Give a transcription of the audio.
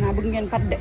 naa bëgg ngeen pat de